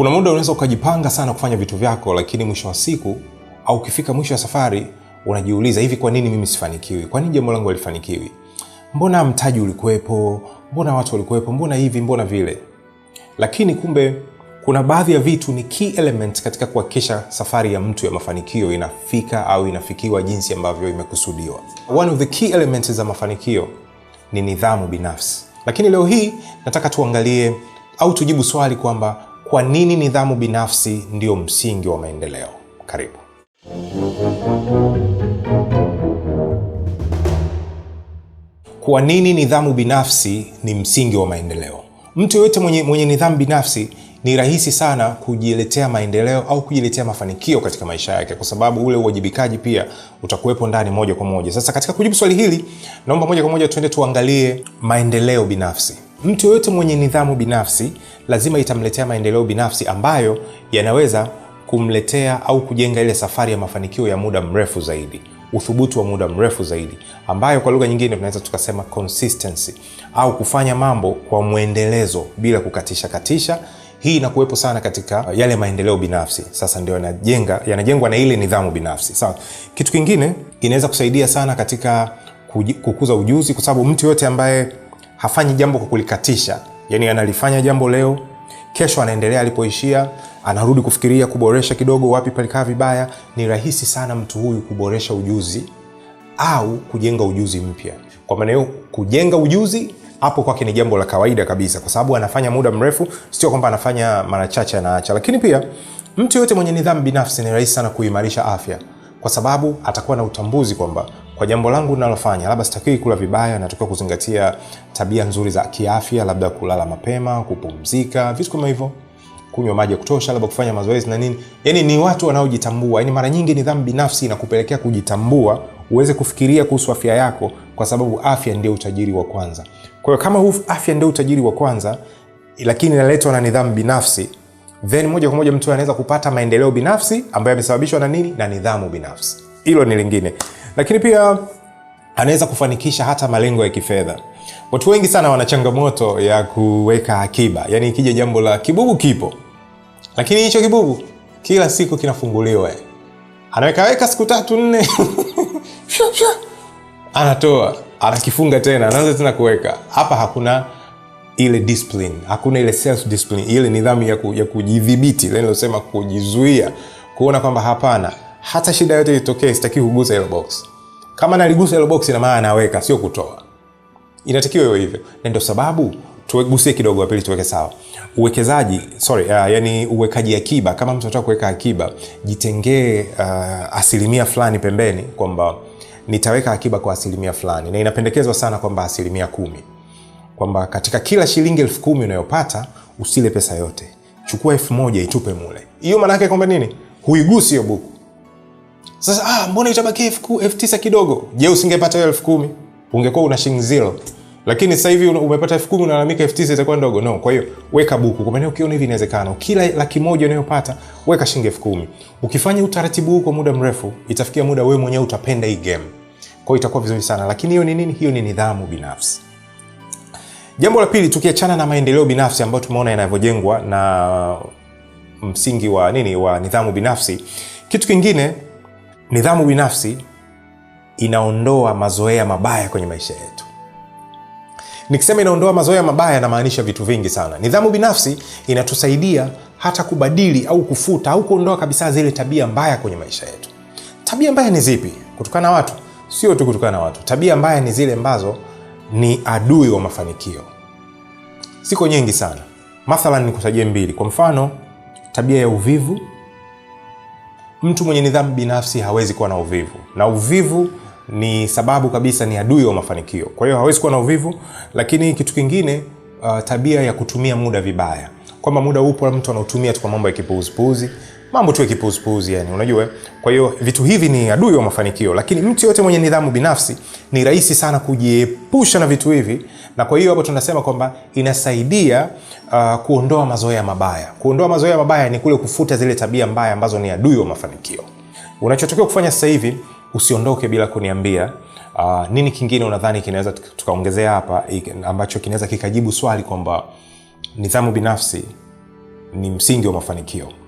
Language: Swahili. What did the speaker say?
Kuna muda unaweza ukajipanga sana kufanya vitu vyako, lakini mwisho wa siku au ukifika mwisho wa safari unajiuliza, hivi kwa nini mimi sifanikiwi? Kwa nini jambo langu halifanikiwi? Mbona mtaji ulikuwepo? Mbona watu walikuwepo? Mbona hivi? Mbona vile? Lakini kumbe kuna baadhi ya vitu ni key element katika kuhakikisha safari ya mtu ya mafanikio inafika au inafikiwa jinsi ambavyo imekusudiwa. One of the key elements za mafanikio ni nidhamu binafsi. Lakini leo hii nataka tuangalie au tujibu swali kwamba kwa nini nidhamu binafsi ndio msingi wa maendeleo. Karibu. Kwa nini nidhamu binafsi ni msingi wa maendeleo? Mtu yoyote mwenye, mwenye nidhamu binafsi ni rahisi sana kujiletea maendeleo au kujiletea mafanikio katika maisha yake, kwa sababu ule uwajibikaji pia utakuwepo ndani moja kwa moja. Sasa katika kujibu swali hili, naomba moja kwa moja tuende tuangalie maendeleo binafsi. Mtu yoyote mwenye nidhamu binafsi lazima itamletea maendeleo binafsi ambayo yanaweza kumletea au kujenga ile safari ya mafanikio ya muda mrefu zaidi, uthubutu wa muda mrefu zaidi, ambayo kwa lugha nyingine tunaweza tukasema consistency, au kufanya mambo kwa mwendelezo bila kukatisha katisha. Hii inakuwepo sana katika yale maendeleo binafsi. Sasa ndio yanajenga yanajengwa na ile nidhamu binafsi sawa. Kitu kingine inaweza kusaidia sana katika kukuza ujuzi, kwa sababu mtu yoyote ambaye hafanyi jambo kwa kulikatisha, yani analifanya jambo leo, kesho anaendelea alipoishia, anarudi kufikiria kuboresha kidogo, wapi palikaa vibaya. Ni rahisi sana mtu huyu kuboresha ujuzi au kujenga ujuzi mpya. Kwa maana hiyo, kujenga ujuzi hapo kwake ni jambo la kawaida kabisa, kwa sababu anafanya muda mrefu, sio kwamba anafanya mara chache anaacha. Lakini pia mtu yoyote mwenye nidhamu binafsi ni rahisi sana kuimarisha afya, kwa sababu atakuwa na utambuzi kwamba kwa jambo langu nalofanya labda sitakiwi kula vibaya, natakiwa kuzingatia tabia nzuri za kiafya, labda kulala mapema, kupumzika, vitu kama hivyo, kunywa maji ya kutosha, labda kufanya mazoezi na nini. Yani ni watu wanaojitambua. Yani mara nyingi nidhamu binafsi inakupelekea kujitambua, uweze kufikiria kuhusu afya yako, kwa sababu afya ndio utajiri wa kwanza. Kwa hiyo kama huu afya ndio utajiri wa kwanza, lakini inaletwa na nidhamu binafsi, then moja kwa moja mtu anaweza kupata maendeleo binafsi ambayo yamesababishwa na nini? Na nidhamu binafsi. Hilo ni lingine lakini pia anaweza kufanikisha hata malengo ya kifedha. Watu wengi sana wana changamoto ya kuweka akiba, yaani ikija jambo la kibubu kipo, lakini hicho kibubu kila siku kinafunguliwa, anawekaweka siku tatu nne anatoa, anakifunga tena, anaanza tena kuweka. Hapa hakuna ile discipline, hakuna ile self discipline, ile nidhamu ya, ku, ya kujidhibiti, leo kujizuia, kuona kwamba hapana hata shida yote itokee, sitaki kugusa hilo box. Kama naligusa hilo box, ina maana naweka, sio kutoa. Inatakiwa hiyo hivyo, na ndio sababu tugusie kidogo pili, tuweke sawa uwekezaji sorry, uh, yani uwekaji akiba. Kama mtu anataka kuweka akiba, jitengee uh, asilimia fulani pembeni, kwamba nitaweka akiba kwa asilimia fulani, na inapendekezwa sana kwamba asilimia kumi, kwamba katika kila shilingi elfu kumi unayopata usile pesa yote, chukua elfu moja itupe mule. Hiyo maana yake kwamba nini? Huigusi hiyo buku sasa ah, mbona itabaki elfu tisa kidogo? Je, usingepata hiyo elfu kumi ungekuwa una shilingi zero, lakini sasa hivi umepata elfu kumi unalalamika elfu tisa itakuwa ndogo? No. Kwa hiyo weka buku, kwa maana ukiona hivi inawezekana, kila laki moja unayopata weka shilingi elfu kumi. Ukifanya utaratibu huu kwa muda mrefu, itafikia muda wewe mwenyewe utapenda hii game, kwa hiyo itakuwa vizuri sana. Lakini hiyo ni nini? Hiyo ni nidhamu binafsi. Jambo la pili, tukiachana na maendeleo binafsi ambayo tumeona yanavyojengwa na msingi wa nini, wa nidhamu binafsi, kitu kingine Nidhamu binafsi inaondoa mazoea mabaya kwenye maisha yetu. Nikisema inaondoa mazoea mabaya, namaanisha vitu vingi sana. Nidhamu binafsi inatusaidia hata kubadili au kufuta au kuondoa kabisa zile tabia mbaya kwenye maisha yetu. Tabia mbaya ni zipi? Kutukana na watu? Sio tu kutukana na watu. Tabia mbaya ni zile ambazo ni adui wa mafanikio. Siko nyingi sana, mathalan nikutajie mbili. Kwa mfano, tabia ya uvivu Mtu mwenye nidhamu binafsi hawezi kuwa na uvivu, na uvivu ni sababu kabisa, ni adui wa mafanikio. Kwa hiyo hawezi kuwa na uvivu, lakini kitu kingine uh, tabia ya kutumia muda vibaya kwamba muda upo mtu anautumia tu kwa mambo ya kipuuzipuuzi mambo tu ya kipuuzipuuzi yani, unajua. Kwa hiyo vitu hivi ni adui wa mafanikio, lakini mtu yote mwenye nidhamu binafsi ni rahisi sana kujiepusha na vitu hivi, na kwa hiyo hapo tunasema kwamba inasaidia uh, kuondoa mazoea mabaya. Kuondoa mazoea mabaya ni kule kufuta zile tabia mbaya ambazo ni adui wa mafanikio. unachotokiwa kufanya sasa hivi, usiondoke bila kuniambia uh, nini kingine unadhani kinaweza tukaongezea hapa ambacho kinaweza kikajibu swali kwamba Nidhamu binafsi ni msingi wa mafanikio.